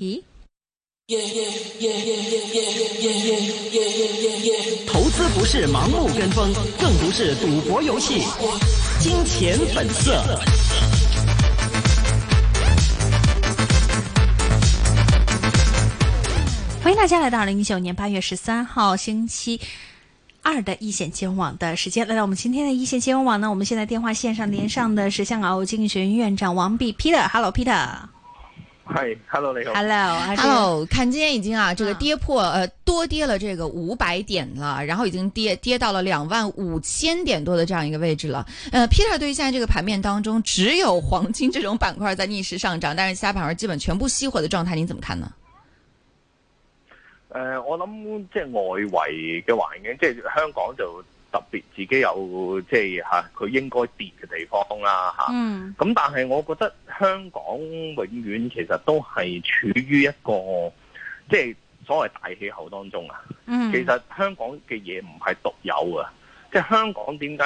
咦、嗯 投資不是盲目跟風，更不是賭博遊戲，金錢本色。歡迎大家來到二零一九年八月十三號星期二的一線金融網的時間。來到我們今天的一線金融網呢，我們現在電話線上連上的是香港奧國經濟學院院長王弼 Peter, Peter。Hello，Peter。嗨，Hello，你好，Hello，Hello，Hello，看今天已經啊，這個跌破呃多跌了這個五百點了，然後已經跌跌到了兩萬五千點多的這樣一個位置了。呃，Peter 對於現在這個盤面當中，只有黃金這種板塊在逆勢上漲，但是其他板塊基本全部熄火的狀態，你怎麼看呢？呃，我諗即係外圍嘅環境，即係香港就。特別自己有即係嚇，佢應該跌嘅地方啦嚇。咁、嗯、但係我覺得香港永遠其實都係處於一個即係、就是、所謂大氣候當中啊、嗯。其實香港嘅嘢唔係獨有啊。即、就、係、是、香港點解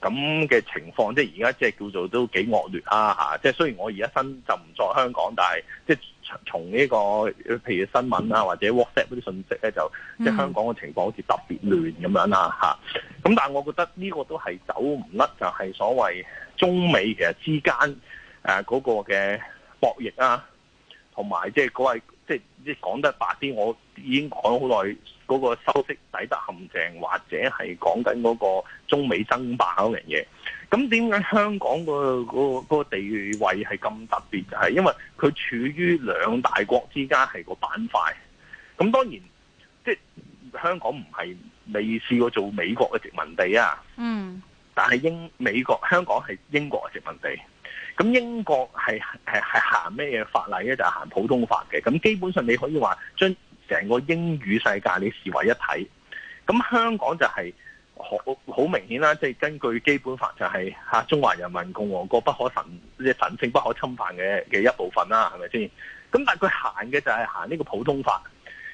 咁嘅情況？即係而家即係叫做都幾惡劣啊嚇。即係雖然我而家身就唔在香港，但係即係。從呢、這個，譬如新聞啊，或者 WhatsApp 嗰啲信息咧、啊，就即係、嗯、香港嘅情況好似特別亂咁樣啦嚇。咁、啊、但係我覺得呢個都係走唔甩，就係所謂中美其實之間誒嗰個嘅博弈啊，同埋即係嗰個、啊。即係講得白啲，我已經講好耐嗰個修昔底德陷阱，或者係講緊嗰個中美爭霸嗰樣嘢。咁點解香港個個個地位係咁特別？就係因為佢處於兩大國之間係個板塊。咁當然，即係香港唔係未試過做美國嘅殖民地啊。嗯。但係英美國香港係英國嘅殖民地。咁英國係行咩嘢法例咧？就係、是、行普通法嘅。咁基本上你可以話將成個英語世界你視為一體。咁香港就係好好明顯啦，即、就、係、是、根據基本法就係嚇中華人民共和國不可神即係神聖不可侵犯嘅嘅一部分啦，係咪先？咁但係佢行嘅就係行呢個普通法。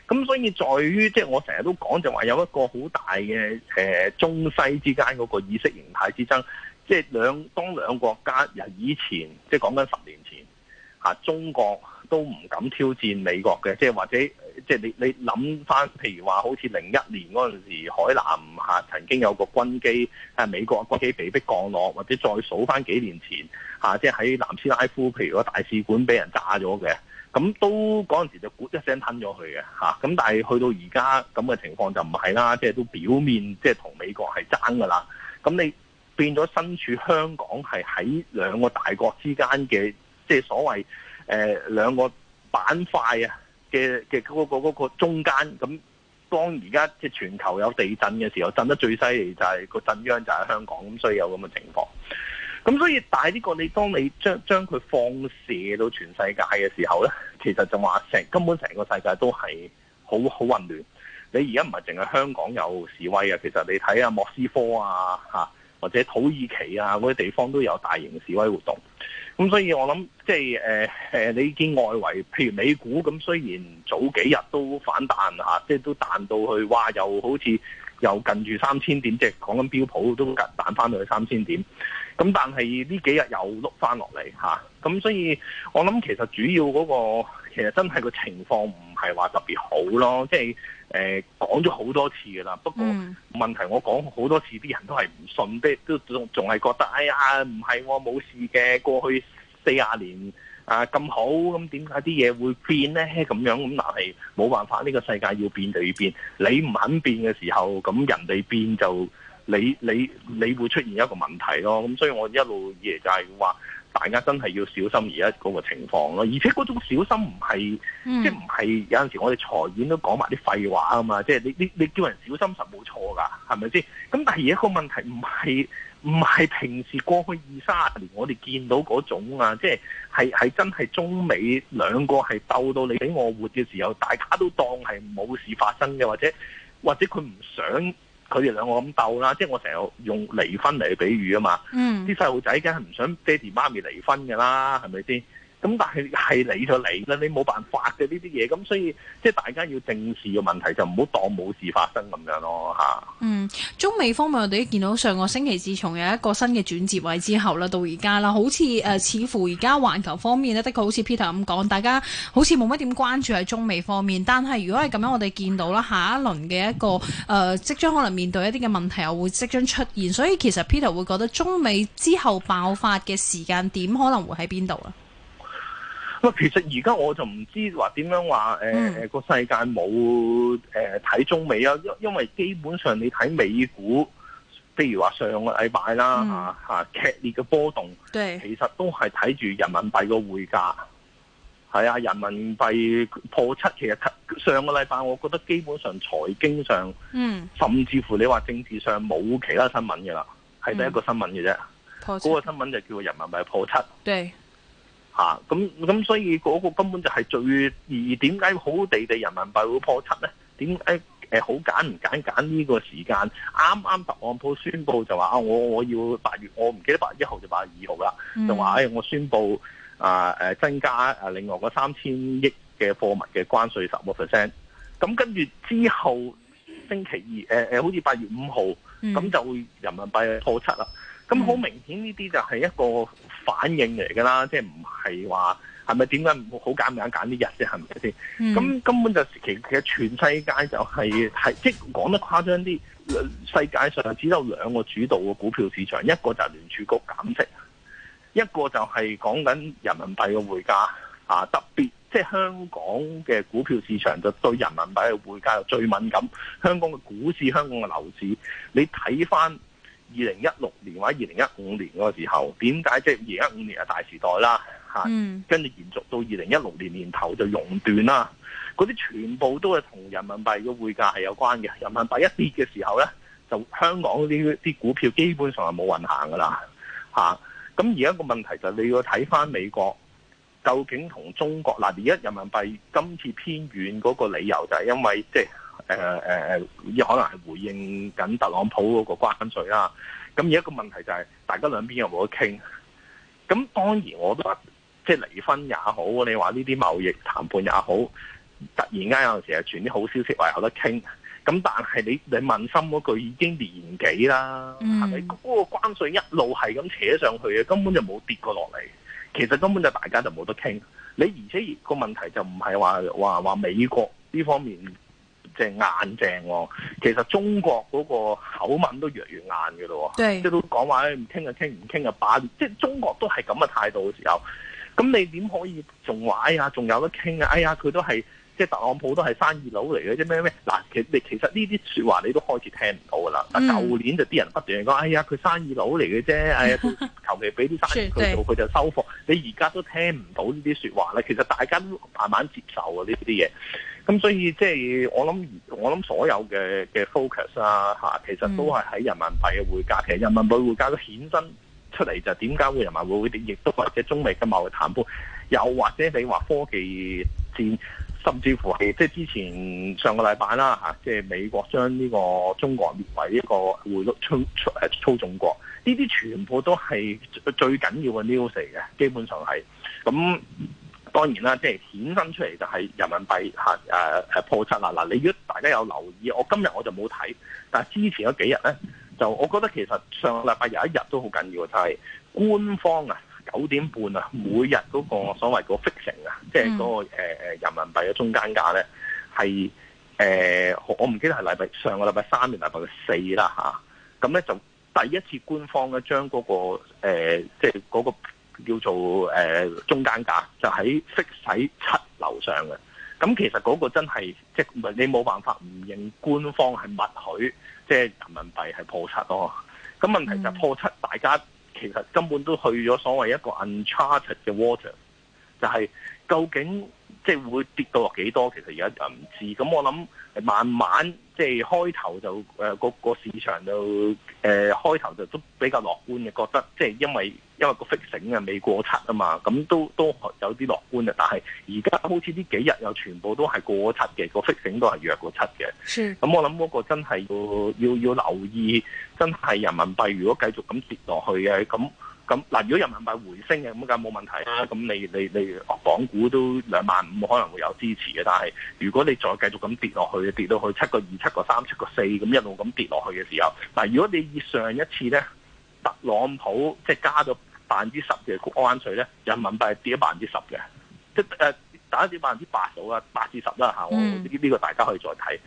咁所以在於即係、就是、我成日都講就話、是、有一個好大嘅、呃、中西之間嗰個意識形態之爭即係兩當兩個國家，以前即係講緊十年前，吓、啊、中國都唔敢挑戰美國嘅，即係或者即係你你諗翻，譬如話好似零一年嗰陣時，海南吓、啊、曾經有個軍機、啊，美國軍機被逼降落，或者再數翻幾年前，吓、啊、即係喺南斯拉夫，譬如個大使館俾人炸咗嘅，咁都嗰陣時就咕一聲吞咗佢嘅，吓、啊、咁但係去到而家咁嘅情況就唔係啦，即係都表面即係同美國係爭噶啦，咁你。變咗身處香港係喺兩個大國之間嘅，即、就、係、是、所謂、呃、兩個板塊啊嘅嘅嗰個嗰個中間咁。當而家即係全球有地震嘅時候，震得最犀利就係個震央就係香港，咁所以有咁嘅情況。咁所以大呢個你當你將將佢放射到全世界嘅時候咧，其實就話成根本成個世界都係好好混亂。你而家唔係淨係香港有示威呀，其實你睇下、啊、莫斯科啊，吓或者土耳其啊嗰啲地方都有大型示威活動，咁所以我諗即係誒誒，你見外圍譬如美股咁，雖然早幾日都反彈吓，即、啊、係、就是、都彈到去，哇，又好似又近住三千點，即係講緊標普都彈翻到去三千點，咁但係呢幾日又碌翻落嚟吓，咁、啊、所以我諗其實主要嗰、嗰個其實真係個情況唔係話特別好咯，即、就、係、是。誒、呃，講咗好多次噶啦，不過問題我講好多次，啲人都係唔信的、嗯，都都仲仲係覺得，哎呀，唔係、啊，我冇事嘅，過去四十年啊咁好，咁點解啲嘢會變呢？咁樣咁，但係冇辦法，呢、呢個世界要變就要變，你唔肯變嘅時候，咁人哋變就你你你會出現一個問題咯。咁所以我一路以嚟就係話。大家真係要小心而家嗰個情況咯，而且嗰種小心唔係、嗯，即係唔係有陣時我哋財經都講埋啲廢話啊嘛，即係你你你叫人小心實冇錯噶，係咪先？咁但係第二個問題唔係唔係平時過去二三十年我哋見到嗰種啊，即係係係真係中美兩個係鬥到你死我活嘅時候，大家都當係冇事發生嘅，或者或者佢唔想。佢哋兩個咁鬥啦，即係我成日用離婚嚟去比喻啊嘛，嗯，啲細路仔梗係唔想爹哋媽咪離婚㗎啦，係咪先？咁但係係你就嚟你啦，你冇辦法嘅呢啲嘢。咁所以即係大家要正視嘅問題，就唔好當冇事發生咁樣咯。吓，嗯，中美方面我哋都見到上個星期自從有一個新嘅轉折位之後啦，到而家啦，好似誒、呃，似乎而家環球方面呢，的確好似 Peter 咁講，大家好似冇乜點關注喺中美方面。但係如果係咁樣，我哋見到啦，下一輪嘅一個誒、呃，即將可能面對一啲嘅問題又會即將出現。所以其實 Peter 會覺得中美之後爆發嘅時間點可能會喺邊度？其實而家我就唔知話點樣話誒誒個世界冇誒睇中美啊，因因為基本上你睇美股，譬如話上個禮拜啦吓，吓劇烈嘅波動，其實都係睇住人民幣個匯價。係啊，人民幣破七，其實上個禮拜我覺得基本上財經上、嗯，甚至乎你話政治上冇其他新聞嘅啦，係第一個新聞嘅啫。破七嗰，嗯那個新聞就叫人民幣破七。對。嚇、啊！咁咁，咁所以嗰個根本就係最二點解解好地地人民幣會破七咧？點誒誒，好揀唔揀揀呢個時間？啱啱特朗普宣佈就話啊，我我要八月，我唔記得八月一號就八月二號啦，就話誒、嗯哎，我宣佈啊誒增加啊另外嗰三千億嘅貨物嘅關稅十個 percent。咁跟住之後星期二誒誒、呃，好似八月五號，咁、嗯、就會人民幣破七啦。咁好明顯，呢啲就係一個反應嚟噶啦，mm-hmm. 即係唔係話係咪點解唔好揀唔揀揀啲人啫？係咪先？咁、mm-hmm. 根本就其其實全世界就係、係、即係講得誇張啲，世界上只有兩個主導嘅股票市場，一個就係聯儲局減息，一個就係講緊人民幣嘅匯價啊！特別即係、就係、香港嘅股票市場就對人民幣嘅匯價就最敏感。香港嘅股市、香港嘅樓市，你睇翻。二零一六年或者二零一五年嗰個時候，點解即係二零一五年係大時代啦？嚇，跟住延續到二零一六年年頭就熔斷啦。嗰啲全部都係同人民幣嘅匯價係有關嘅。人民幣一跌嘅時候呢，就香港啲啲股票基本上係冇運行噶啦。嚇、啊，咁而家個問題就係你要睇返美國究竟同中國嗱，而家人民幣今次偏軟嗰個理由就係因為即係。誒誒誒，可能係回應緊特朗普嗰個關稅啦。咁而一個問題就係大家兩邊有冇得傾？咁當然，我都即係離婚也好，你話呢啲貿易談判也好，突然間有陣時係傳啲好消息話有得傾。咁但係你你問心嗰句已經年幾啦？係咪嗰個關稅一路係咁扯上去嘅，根本就冇跌過落嚟。其實根本就大家就冇得傾。你而且個問題就唔係話話話美國呢方面。即係硬淨喎、啊，其實中國嗰個口吻都越嚟越硬嘅咯、啊，即係都講話咧，唔傾就傾唔傾就擺，即係、就是、中國都係咁嘅態度嘅時候，咁你點可以仲話哎呀仲有得傾啊？哎呀佢都係即係特朗普都係生意佬嚟嘅啫咩咩？嗱其你其實呢啲説話你都開始聽唔到噶啦，舊年就啲人不斷講哎呀佢生意佬嚟嘅啫，哎呀求其俾啲生意佢做佢 就收貨，你而家都聽唔到呢啲説話啦。其實大家都慢慢接受啊呢啲嘢。咁所以即係我諗，我諗所有嘅嘅 focus 啊，吓，其實都係喺人民幣嘅匯價，其實人民幣匯價都衍生出嚟，就點解會人民幣會跌，亦都或者中美嘅貿易談判，又或者你話科技戰，甚至乎係即係之前 上個禮拜啦吓，即、就、係、是、美國將呢個中國列為一個匯率操操誒操縱國，呢啲全部都係最緊要嘅 news 嚟嘅，基本上係咁。當然啦，即係衍生出嚟就係人民幣嚇誒誒破七啦！嗱，你如果大家有留意，我今日我就冇睇，但係之前嗰幾日咧，就我覺得其實上個禮拜有一日都好緊要就係、是、官方啊九點半啊，每日嗰個所謂個 fixing、嗯就是那個 f i 啊，即係嗰個誒人民幣嘅中間價咧，係誒、呃、我唔記得係禮拜上個禮拜三定禮拜四啦嚇，咁、啊、咧就第一次官方咧、啊、將嗰個誒即係嗰個。呃就是那個叫做誒、呃、中間價，就喺息洗七樓上嘅。咁其實嗰個真係即唔係你冇辦法唔認官方係默許，即、就、係、是、人民幣係破七咯、啊。咁問題就破七，大家、嗯、其實根本都去咗所謂一個 uncharted 嘅 water，就係究竟。即係會跌到落幾多少？其實而家就唔知。咁我諗慢慢，即係開頭就誒、呃、個個市場就誒、呃、開頭就都比較樂觀嘅，覺得即係因為因為那個 fixing 啊未過七啊嘛，咁都都有啲樂觀嘅。但係而家好似呢幾日又全部都係過七嘅，個 fixing 都係弱過七嘅。是。咁我諗嗰個真係要要要留意，真係人民幣如果繼續咁跌落去嘅咁。那咁嗱，如果人民幣回升嘅，咁梗冇問題啦。咁你你你港股都兩萬五可能會有支持嘅。但係如果你再繼續咁跌落去，跌到去七個二、七個三、七個四，咁一路咁跌落去嘅時候，嗱，如果你以上一次咧，特朗普即係加咗百分之十嘅關稅咧，人民幣跌咗百分之十嘅，即係誒、呃、打跌百分之八到啊，八至十啦嚇。我呢個大家可以再睇。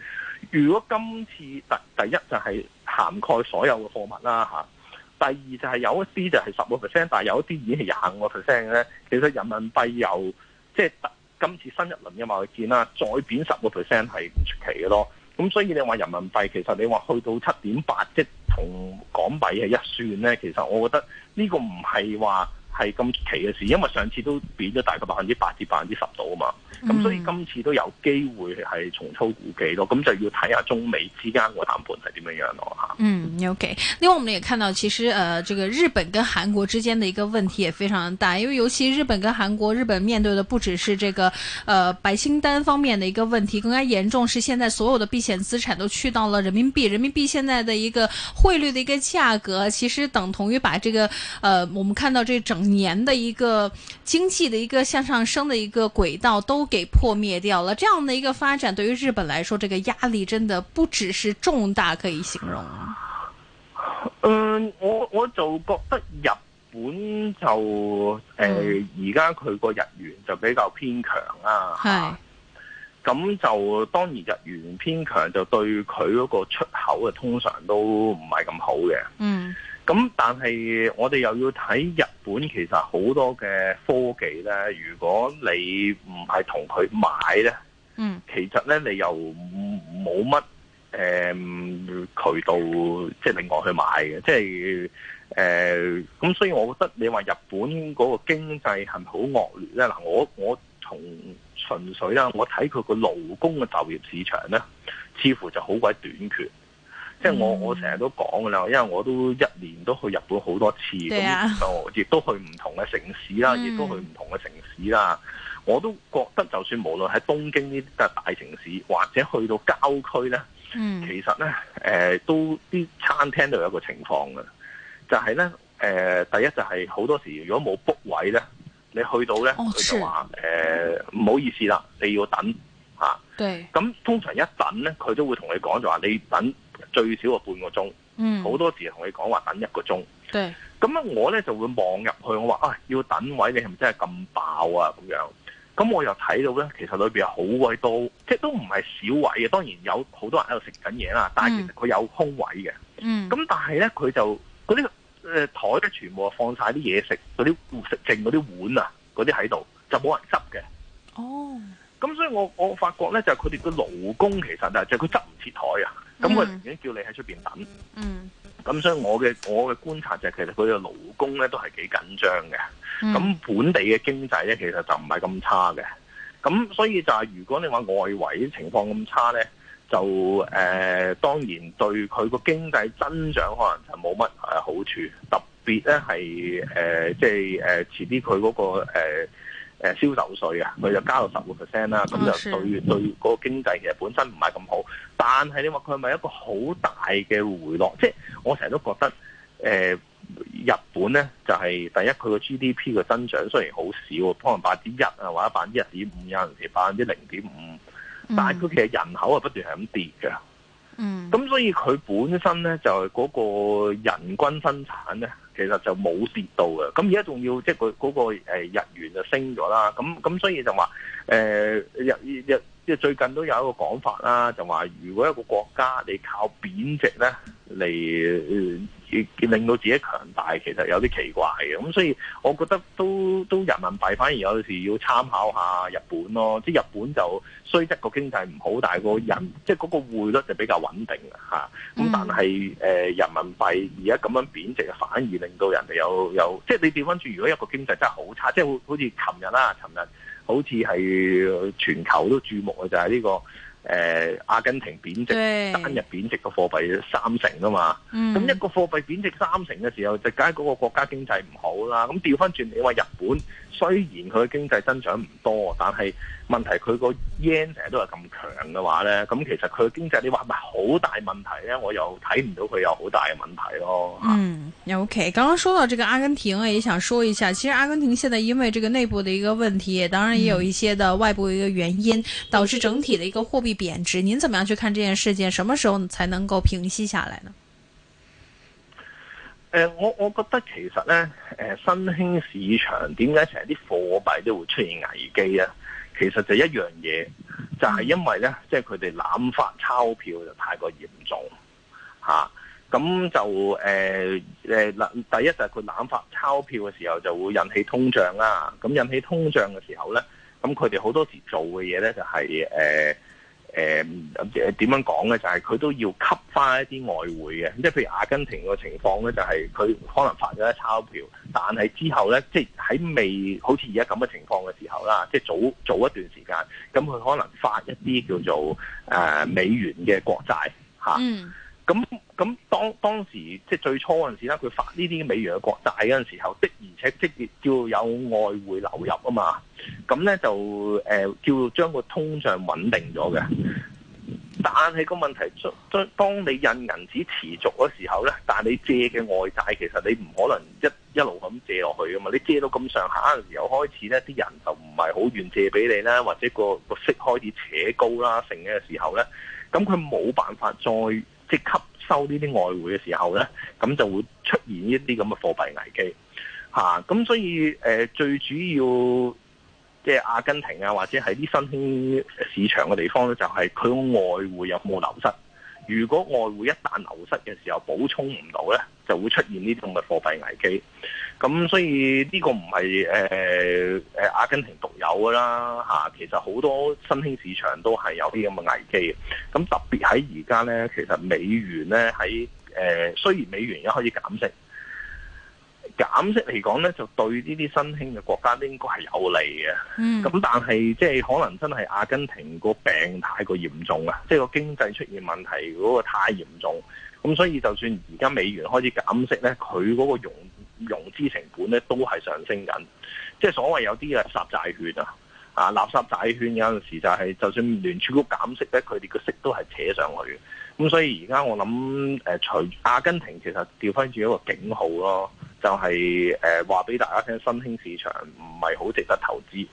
如果今次第第一就係涵蓋所有嘅貨物啦、啊第二就係有一啲就係十個 percent，但係有一啲已經係廿五個 percent 咧。其實人民幣由即係今次新一輪嘅外匯券啦，再貶十個 percent 係唔出奇嘅咯。咁所以你話人民幣其實你話去到七點八即同港幣係一算咧，其實我覺得呢個唔係話係今期嘅事，因為上次都貶咗大概百分之八至百分之十到啊嘛，咁所以今次都有機會係重操故技咯，咁就要睇下中美之間個談判係點樣樣咯吓。嗯，OK。另外，我們也看到其實，呃這個日本跟韓國之間的一個問題也非常大，因為尤其日本跟韓國，日本面對的不只是這個，呃白星單方面的一個問題，更加嚴重是現在所有的避險資產都去到了人民幣，人民幣現在的一個匯率的一個價格，其實等同於把這個，呃我們看到這個整。年的一個經濟的一個向上升的一個軌道都給破滅掉了。這樣的一個發展，對於日本來說，這個壓力真的不只是重大可以形容。嗯，我我就覺得日本就誒，而家佢個日元就比較偏強啊。係。咁、啊、就當然日元偏強，就對佢嗰個出口嘅通常都唔係咁好嘅。嗯。咁、嗯、但係我哋又要睇日本，其實好多嘅科技咧，如果你唔係同佢買咧，嗯，其實咧你又冇乜誒渠道，即、就、係、是、另外去買嘅，即係誒。咁、呃、所以我覺得你話日本嗰個經濟係咪好惡劣咧？嗱，我我從純粹啦，我睇佢個勞工嘅就業市場咧，似乎就好鬼短缺。嗯、即係我我成日都講噶啦，因為我都一年都去日本好多次，咁就亦都去唔同嘅城市啦，亦、嗯、都去唔同嘅城市啦。我都覺得就算無論喺東京呢啲都係大城市，或者去到郊區呢、嗯，其實呢，呃、都啲餐廳都有一個情況嘅，就係、是、呢，誒、呃、第一就係好多時如果冇 book 位呢，你去到呢，佢、哦、就話誒唔好意思啦，你要等吓咁、啊、通常一等呢，佢都會同你講就話你等。最少個半個鐘，嗯、好多時同你講話等一個鐘。咁啊，我咧就會望入去，我話啊、哎，要等位，你係咪真係咁爆啊咁樣？咁我又睇到咧，其實裏邊好鬼多，即係都唔係少位嘅。當然有好多人喺度食緊嘢啦，但係其實佢有空位嘅。咁、嗯、但係咧，佢就嗰啲誒枱咧，呃、全部放晒啲嘢食，嗰啲食剩嗰啲碗啊，嗰啲喺度就冇人執嘅。哦，咁所以我我發覺咧，就佢哋嘅勞工其實啊，就佢執唔切枱啊。咁佢寧願叫你喺出面等。嗯。咁所以我嘅我嘅觀察就係，其實佢嘅勞工咧都係幾緊張嘅。咁本地嘅經濟咧，其實就唔係咁差嘅。咁所以就係，如果你話外圍情況咁差咧，就誒、呃、當然對佢個經濟增長可能就冇乜好處，特別咧係誒即係誒遲啲佢嗰個、呃誒銷售稅嘅，佢就加到十五 percent 啦，咁就對、嗯、對，對個經濟其實本身唔係咁好，但係你話佢係咪一個好大嘅回落？即、就、係、是、我成日都覺得誒、呃、日本咧，就係、是、第一佢個 GDP 嘅增長雖然好少，可能百分之一啊，或者百分之一點五，有陣時百分之零點五，但係佢其實人口係不斷係咁跌㗎。嗯，咁所以佢本身咧就係、是、嗰個人均生產咧。其實就冇跌到嘅，咁而家仲要即係佢嗰個日元就升咗啦，咁咁所以就話誒、呃、日日即係最近都有一個講法啦，就話如果一個國家你靠貶值咧。嚟令到自己強大，其實有啲奇怪嘅。咁所以，我覺得都都人民幣反而有時要參考下日本咯。即係日本就雖則個經濟唔好，但係個人即係嗰個匯率就比較穩定咁、啊、但係誒、呃、人民幣而家咁樣貶值，反而令到人哋有有即係你調翻轉，如果一個經濟真係好差，即係好似琴日啦，琴日好似係全球都注目嘅就係、是、呢、這個。誒、呃、阿根廷貶值，單日貶值嘅貨幣三成啊嘛，咁、嗯、一個貨幣貶值三成嘅時候，就梗係嗰個國家經濟唔好啦。咁調翻轉，你話日本？雖然佢經濟增長唔多，但係問題佢個 yen 成日都係咁強嘅話呢，咁其實佢經濟你話係咪好大問題呢？我又睇唔到佢有好大嘅問題咯。嗯，OK，剛剛說到這個阿根廷，也想說一下，其實阿根廷現在因為這個內部的一個問題，當然也有一些的外部的一個原因，嗯，導致整體的一個貨幣貶值。您怎麼樣去看這件事件？什麼時候才能夠平息下來呢？誒、呃，我我覺得其實咧，誒、呃、新興市場點解成日啲貨幣都會出現危機啊？其實就是一樣嘢，就係、是、因為咧，即係佢哋濫發鈔票就太過嚴重，吓、啊、咁就誒誒、呃，第一就係佢濫發鈔票嘅時候就會引起通脹啦、啊。咁引起通脹嘅時候咧，咁佢哋好多時做嘅嘢咧就係、是、誒。呃誒、呃，點點樣講咧？就係、是、佢都要吸翻一啲外匯嘅，即係譬如阿根廷個情況咧，就係佢可能發咗一啲鈔票，但係之後咧，即係喺未好似而家咁嘅情況嘅時候啦，即、就、係、是、早早一段時間，咁佢可能發一啲叫做誒、呃、美元嘅國債嚇。啊嗯。咁咁，當當時即係最初嗰陣時咧，佢發呢啲美元嘅國債嗰陣時候，的而且即要有外匯流入啊嘛。咁咧就、呃、叫要將個通脹穩定咗嘅。但係個問題，當你印銀紙持續嘅時候咧，但你借嘅外債其實你唔可能一一路咁借落去啊嘛。你借到咁上下嘅時候開始咧，啲人就唔係好願意借俾你啦，或者個個息開始扯高啦，成嘅時候咧，咁佢冇辦法再。即吸收呢啲外匯嘅時候呢，咁就會出現呢啲咁嘅貨幣危機嚇。咁、啊、所以、呃、最主要，即阿根廷啊，或者係啲新興市場嘅地方呢，就係佢外匯有冇流失？如果外匯一旦流失嘅時候補充唔到呢，就會出現呢種嘅貨幣危機。咁所以呢個唔係誒誒阿根廷獨有噶啦、吓、其實好多新興市場都係有啲咁嘅危機。咁特別喺而家咧，其實美元咧喺誒，雖然美元一開始減息，減息嚟講咧就對呢啲新興嘅國家應該係有利嘅。咁、嗯、但係即係可能真係阿根廷個病太過嚴重啦，即係個經濟出現問題嗰個太嚴重，咁所以就算而家美元開始減息咧，佢嗰個用。融資成本咧都係上升緊，即係所謂有啲垃圾債券啊，啊垃圾債券有陣時就係、是、就算聯儲局減息咧，佢哋個息都係扯上去嘅。咁所以而家我諗誒、呃，除阿根廷其實調翻轉一個警號咯，就係誒話俾大家聽，新興市場唔係好值得投資。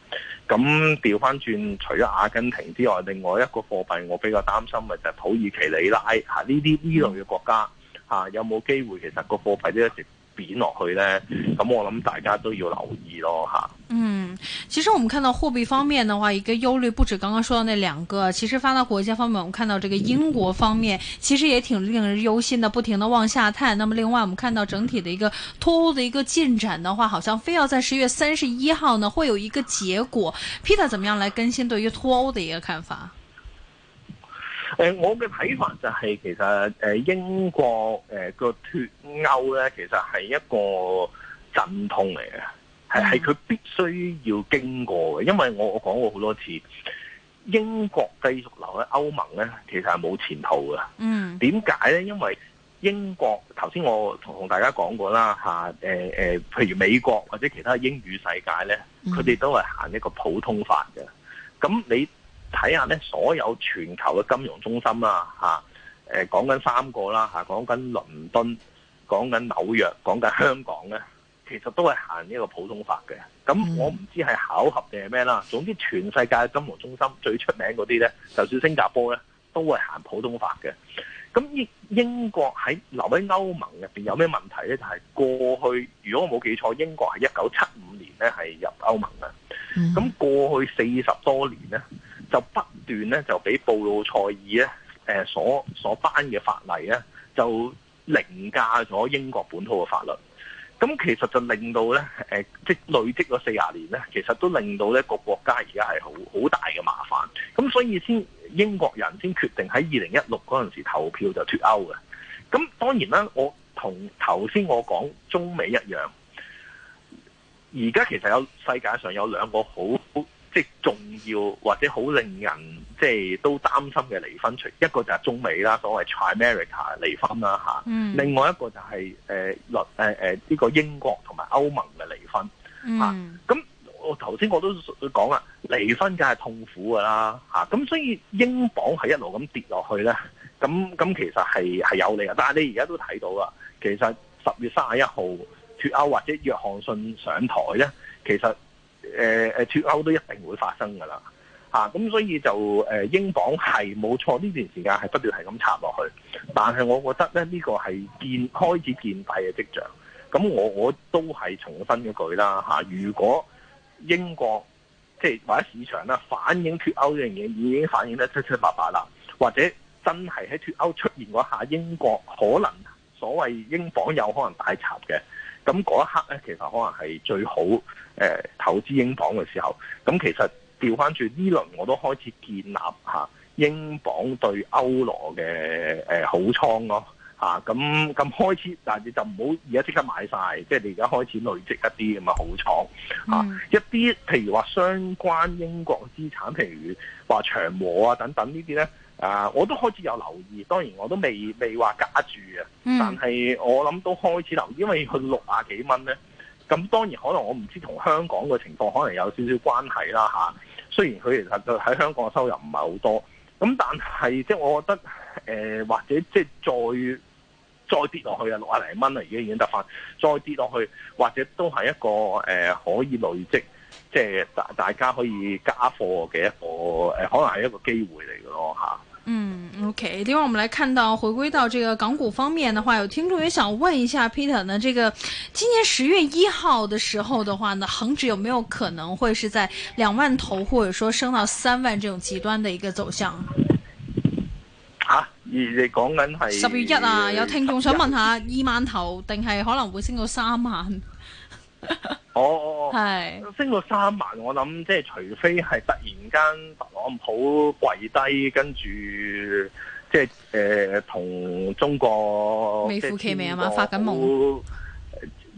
咁調翻轉，除咗阿根廷之外，另外一個貨幣我比較擔心嘅就係土耳其里拉嚇，呢啲呢類嘅國家嚇、嗯啊、有冇機會其實個貨幣都一直……貶落去呢？咁我諗大家都要留意咯吓。嗯，其實我們看到貨幣方面的話，一個憂慮不止剛剛說到那兩個，其實發達國家方面，我們看到這個英國方面其實也挺令人憂心的，不停地往下探。那麼另外，我們看到整體的一個脫歐的一個進展的話，好像非要在十月三十一號呢會有一個結果。Peter 怎麼樣來更新對於脫歐的一個看法？誒，我嘅睇法就係，其實誒英國誒個脫歐咧，其實係一個陣痛嚟嘅，係係佢必須要經過嘅。因為我我講過好多次，英國繼續留喺歐盟咧，其實係冇前途㗎。嗯，點解咧？因為英國頭先我同大家講過啦，吓，誒誒，譬如美國或者其他英語世界咧，佢哋都係行一個普通法嘅，咁你。睇下咧，所有全球嘅金融中心啦、啊，吓、啊，誒、呃、講緊三個啦，吓、啊，講緊倫敦、講緊紐約，講緊香港咧，其實都係行呢個普通法嘅。咁我唔知係巧合定係咩啦。總之，全世界嘅金融中心最出名嗰啲咧，就算新加坡咧，都係行普通法嘅。咁英英國喺留喺歐盟入邊有咩問題咧？就係、是、過去如果我冇記錯，英國係一九七五年咧係入歐盟嘅。咁過去四十多年咧。就不斷咧，就俾布魯塞爾咧、呃，所所頒嘅法例咧，就凌駕咗英國本土嘅法律。咁其實就令到咧，即累積咗四十年咧，其實都令到咧個國家而家係好好大嘅麻煩。咁所以先英國人先決定喺二零一六嗰陣時投票就脱歐嘅。咁當然啦，我同頭先我講中美一樣，而家其實有世界上有兩個好。即重要或者好令人即係都擔心嘅離婚，除一個就係中美啦，所謂 Chimerica 離婚啦嚇、嗯，另外一個就係誒律誒呢個英國同埋歐盟嘅離婚嚇。咁、嗯啊、我頭先我都講啦，離婚梗係痛苦㗎啦嚇。咁、啊、所以英鎊係一路咁跌落去咧。咁咁其實係係有利嘅，但係你而家都睇到啦，其實十月三十一號脱歐或者約翰遜上台咧，其實。誒誒，脱歐都一定會發生噶啦，嚇咁所以就，誒英鎊係冇錯，呢段時間係不斷係咁插落去，但係我覺得咧呢個係見開始見底嘅跡象。咁我我都係重申一句啦，嚇如果英國即係或者市場咧反映脱歐呢樣嘢，已經反映得七七八八啦，或者真係喺脱歐出現嗰下，英國可能所謂英鎊有可能大插嘅。咁嗰一刻咧，其實可能係最好誒、呃、投資英鎊嘅時候。咁其實調翻轉呢輪，我都開始建立嚇英鎊對歐羅嘅誒好倉咯、哦。啊，咁咁開始，但你就唔好而家即刻買晒，即係你而家開始累積一啲咁嘅好廠啊，嗯、一啲譬如話相關英國資產，譬如話長和啊等等呢啲咧、啊，我都開始有留意，當然我都未未話加注啊，但係我諗都開始留意，因為佢六啊幾蚊咧，咁當然可能我唔知同香港嘅情況可能有少少關係啦、啊、雖然佢其實就喺香港嘅收入唔係好多，咁但係即係我覺得、呃、或者即係再。再跌落去啊，六十零蚊啊，而家已經得翻。再跌落去，或者都係一個誒、呃、可以累積，即係大大家可以加貨嘅一個誒、呃，可能係一個機會嚟嘅咯嚇。嗯，OK，另外我們來看到，回歸到這個港股方面的話，有聽眾也想問一下 Peter 呢，這個今年十月一號嘅時候的話呢，恒指有沒有可能會是在兩萬頭，或者說升到三萬這種極端嘅一個走向？吓、啊，而你你講緊係十月一啊？有聽眾想問一下，二萬頭定係可能會升到三萬？哦 哦，係、哦、升到三萬，我諗即係除非係突然間特朗普跪低，跟住即係誒同中國未付其命啊嘛，發緊夢，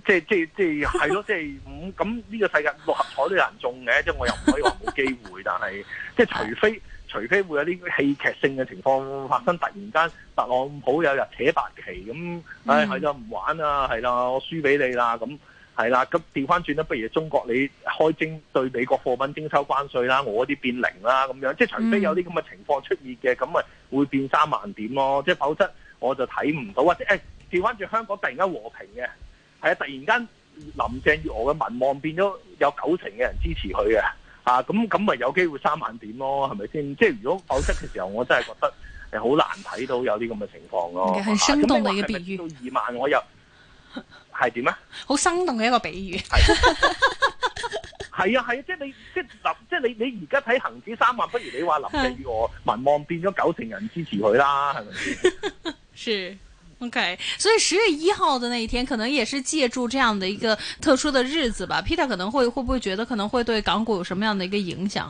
即係即係即係係咯，即係咁呢個世界六合彩都有人中嘅，即係我又唔可以話冇機會， 但係即係除非。除非會有啲戲劇性嘅情況發生，突然間特朗普有日扯白旗咁，唉，係啦唔玩啦，係啦，我輸俾你啦，咁係啦，咁調翻轉咧，不如中國你開徵對美國貨品徵收關稅啦，我啲變零啦，咁樣即係除非有啲咁嘅情況出現嘅，咁、mm. 咪會變三萬點咯，即係否則我就睇唔到，或者誒調翻轉香港突然間和平嘅，係啊，突然間林鄭月娥嘅民望變咗有九成嘅人支持佢嘅。啊，咁咁咪有機會三萬點咯，係咪先？即係如果否則嘅時候，我真係覺得係好難睇到有啲咁嘅情況咯。係、嗯嗯啊、生動嘅比喻，啊啊嗯、是是到二萬我又係點啊？好生動嘅一個比喻。 係啊係啊，啊，即係你即係嗱，即係你你而家睇恆指三萬，不如你話林鄭月娥，民望、啊、變咗九成人支持佢啦，係咪先？是。 是 O、okay. K，所以十月一號的那一天，可能也是借助這樣的一個特殊的日子吧。Peter 可能會會不會覺得可能會對港股有什麼樣的一個影響？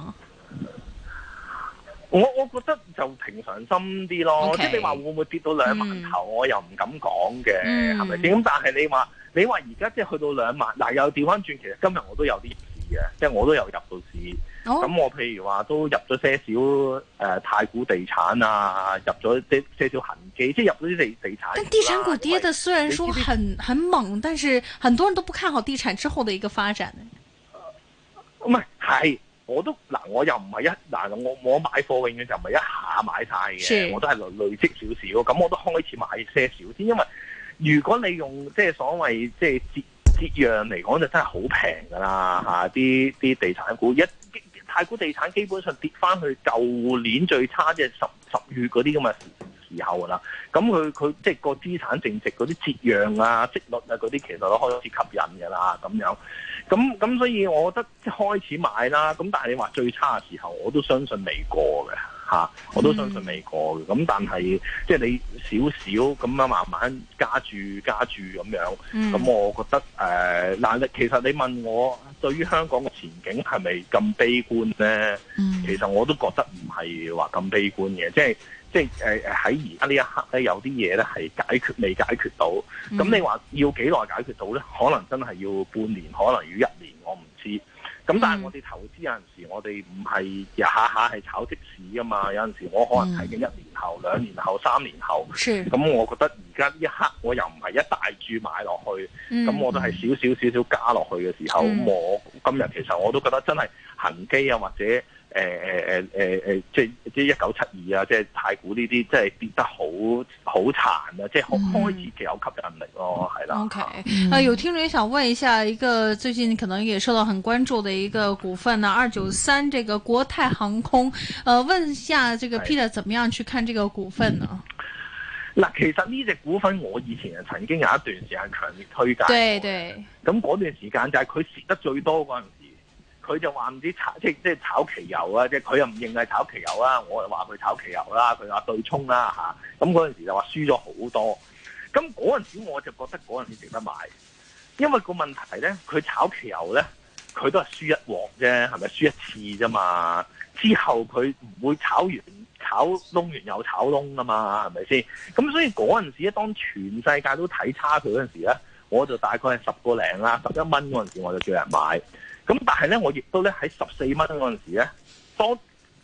我我覺得就平常心啲咯，即係你話會唔會跌到兩萬頭，嗯、我又唔敢講嘅，係咪咁。但係你話你話而家即係去到兩萬，嗱又調翻轉，其實今日我都有啲事嘅，即、就、係、是、我都有入到市。咁、哦、我譬如話都入咗些少誒，太古地產啊，入咗啲些少痕迹，即係入咗啲地地產。但地產股跌得雖然說很很猛，但是很多人都不看好地產之後的一個發展。唔、呃、係，係我都嗱，我又唔係一嗱，我我買貨永遠就唔係一下買晒嘅，我都係累累積少少。咁我都開始買些少，因為如果你用即係所謂即係折折讓嚟講，就真係好平㗎喇吓，啲、啊、啲地產股一。太古地產基本上跌翻去舊年最差即係十十月嗰啲咁嘅時候啦，咁佢佢即係個資產淨值嗰啲折讓啊、息率啊嗰啲，其實都開始吸引嘅啦，咁樣，咁咁所以我覺得開始買啦，咁但係你話最差嘅時候，我都相信未過嘅。嚇！我都相信未過嘅，咁、嗯、但係即係你少少咁樣，慢慢加住、加住咁樣。咁、嗯、我覺得誒，嗱、呃，其實你問我對於香港嘅前景係咪咁悲觀咧、嗯？其實我都覺得唔係話咁悲觀嘅，即係即係誒喺而家呢一刻咧，有啲嘢咧係解決未解決到。咁你話要幾耐解決到咧？可能真係要半年，可能要一年，我唔知。咁、嗯、但係我哋投資有陣時，我哋唔係日下下係炒即市噶嘛，有陣時我可能睇緊一年後、嗯、兩年後、三年後。咁、嗯嗯、我覺得而家呢一刻，我又唔係一大注買落去，咁我都係少少少少加落去嘅時候。咁、嗯、我今日其實我都覺得真係恆基啊，或者。誒誒誒誒誒，即係即係一九七二啊，即係太古呢啲，即係跌得好好殘啊！即係開始其實有吸引力咯，係、嗯、啦。OK，啊、嗯呃、有聽眾想問一下一個最近可能也受到很關注嘅一個股份呢、啊，二九三這個國泰航空，嗯、呃，問下這個 Peter 怎麼樣去看這個股份呢？嗱、嗯呃，其實呢隻股份我以前曾經有一段時間強烈推介，對對，咁嗰段時間就係佢蝕得最多嘅。佢就話唔知炒，即即係炒期油啊！即係佢又唔認係炒期油啦，我就話佢炒期油啦，佢話對沖啦嚇。咁嗰陣時就話輸咗好多。咁嗰陣時我就覺得嗰陣時值得買，因為個問題咧，佢炒期油咧，佢都係輸一鑊啫，係咪？輸一次啫嘛。之後佢唔會炒完炒窿完又炒窿噶嘛，係咪先？咁所以嗰陣時咧，當全世界都睇差佢嗰陣時咧，我就大概係十個零啦，十一蚊嗰陣時我就叫人買。咁但係咧，我亦都咧喺十四蚊嗰陣時咧，當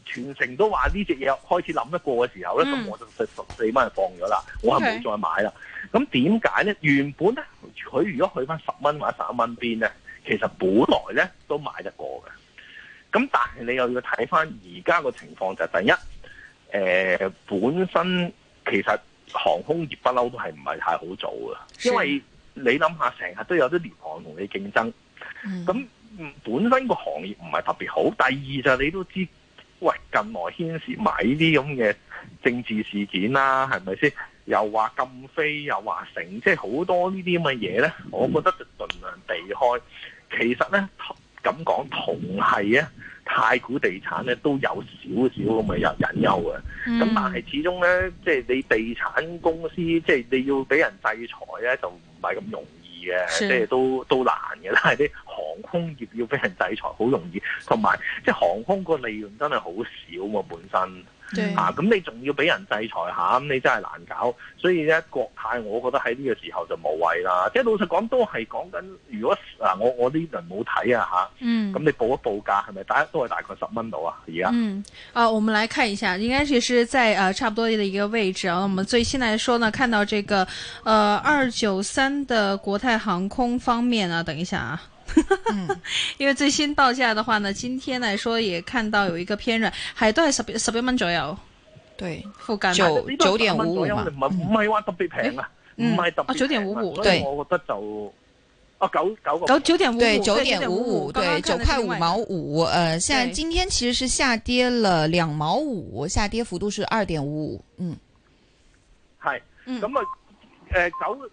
全城都話呢隻嘢，開始諗得過嘅時候咧，咁、嗯、我就十四蚊就放咗啦，okay. 我係冇再買啦。咁點解咧？原本咧，佢如果去翻十蚊或者十一蚊邊咧，其實本來咧都買得過嘅。咁但係你又要睇翻而家個情況，就是，第一，誒、呃，本身其實航空業是不嬲都係唔係太好做嘅，因為你諗下成日都有啲廉航同你競爭，咁、嗯。本身個行業唔係特別好。第二就你都知，喂，近來牽涉埋呢啲咁嘅政治事件啦、啊，係咪先？又話禁飛，又話成，即係好多這些東西呢啲咁嘅嘢咧。我覺得就儘量避開。其實咧，咁講同係啊，太古地產咧都有少少咁嘅有隱憂嘅。咁、嗯、但係始終咧，即、就、係、是、你地產公司，即、就、係、是、你要俾人制裁咧，就唔係咁容。嘅，即係都都難嘅，啦，係啲航空業要俾人制裁，好容易，同埋即係航空個利潤真係好少喎，啊，本身。對啊，咁你仲要俾人制裁下，咁、啊、你真係難搞。所以咧，國泰我覺得喺呢個時候就冇謂啦。即、就、係、是、老實講，都係講緊，如果啊，我我呢輪冇睇啊，吓、啊啊，嗯，咁你報一報價係咪？是是大家都係大概十蚊到啊，而家。嗯，啊，我們來看一下，應該其實在呃差不多的一個位置啊。我們最新來說呢，看到這個，呃，二九三的國泰航空方面啊，等一下啊。嗯， 因為最新報價的話呢，今天來說也看到有一個偏軟，還都係十十一蚊左右，對，覆蓋九九點五嘛，唔係話特別平啊，唔係特別啊九點五五，對，嗯嗯欸嗯哦，我覺得就啊九九九點五對九點五五對九塊五毛五，呃，現在今天其實是下跌了兩毛五，下跌幅度是二點五五，嗯，係，呃，嗯，咁啊，誒九。